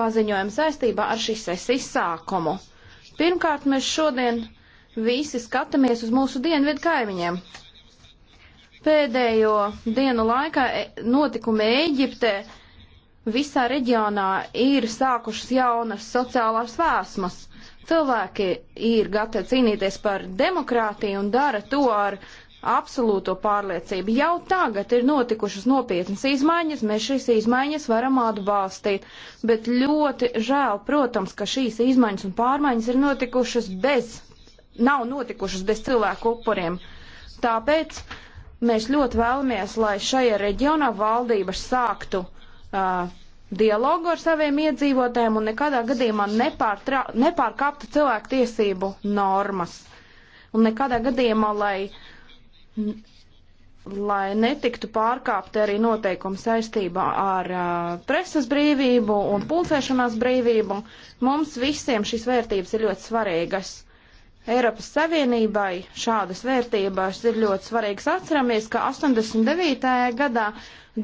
paziņojumu saistībā ar šīs sesijas sākumu. Pirmkārt, mēs šodien visi skatāmies uz mūsu dienvidu kaimiņiem. Pēdējo dienu laikā e, notikumi Eģiptē visā reģionā ir sākušas jaunas sociālās vēsmas. Cilvēki ir gatavi cīnīties par demokrātiju un dara to ar absolūto pārliecību. Jau tagad ir notikušas nopietnas izmaiņas, mēs šīs izmaiņas varam atbalstīt, bet ļoti žēl, protams, ka šīs izmaiņas un pārmaiņas ir notikušas bez, nav notikušas bez cilvēku upuriem. Tāpēc mēs ļoti vēlamies, lai šajā reģionā valdības sāktu uh, dialogu ar saviem iedzīvotājiem un nekādā gadījumā nepārkāptu cilvēku tiesību normas. Un nekādā gadījumā, lai uh, lai netiktu pārkāpti arī noteikumi saistībā ar uh, presas brīvību un pulcēšanās brīvību. Mums visiem šīs vērtības ir ļoti svarīgas. Eiropas Savienībai šādas vērtības ir ļoti svarīgas. Atceramies, ka 89. gadā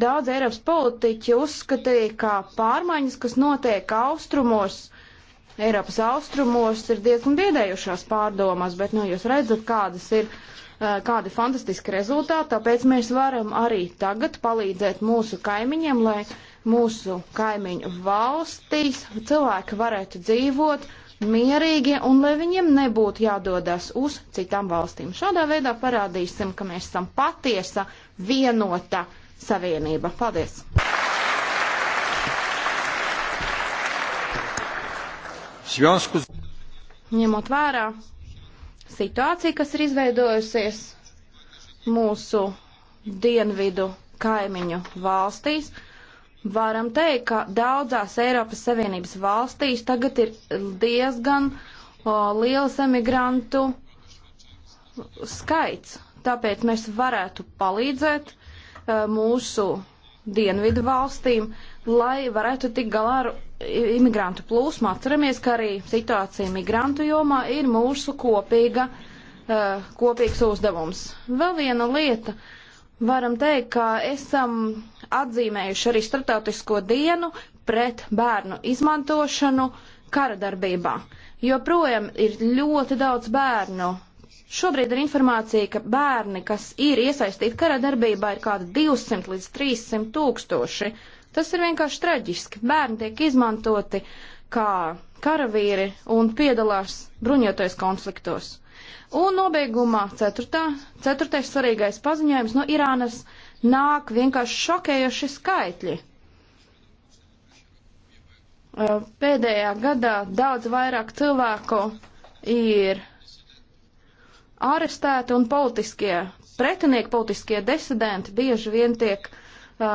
daudz Eiropas politiķi uzskatīja, ka pārmaiņas, kas notiek austrumos, Eiropas austrumos ir diezgan biedējušās pārdomas, bet nu, jūs redzat, kādas ir, eh, kādi fantastiski rezultāti, tāpēc mēs varam arī tagad palīdzēt mūsu kaimiņiem, lai mūsu kaimiņu valstīs cilvēki varētu dzīvot mierīgi un lai viņiem nebūtu jādodas uz citām valstīm. Šādā veidā parādīsim, ka mēs esam patiesa vienota savienība. Paldies! Ņemot vērā situāciju, kas ir izveidojusies mūsu dienvidu kaimiņu valstīs, varam teikt, ka daudzās Eiropas Savienības valstīs tagad ir diezgan o, liels emigrantu skaits. Tāpēc mēs varētu palīdzēt o, e, mūsu dienvidu valstīm, lai varētu tikt galā ar imigrantu plūsmu. Atceramies, ka arī situācija migrantu jomā ir mūsu kopīga, uh, kopīgs uzdevums. Vēl viena lieta. Varam teikt, ka esam atzīmējuši arī startautisko dienu pret bērnu izmantošanu kara darbībā. Joprojām ir ļoti daudz bērnu, Šobrīd ir informācija, ka bērni, kas ir iesaistīti kara darbībā, ir kādi 200 līdz 300 tūkstoši. Tas ir vienkārši traģiski. Bērni tiek izmantoti kā karavīri un piedalās bruņoties konfliktos. Un nobeigumā ceturtā, ceturtais svarīgais paziņojums no Irānas nāk vienkārši šokējoši skaitļi. Pēdējā gadā daudz vairāk cilvēku ir arestēti un politiskie pretinieki, politiskie disidenti bieži vien tiek uh,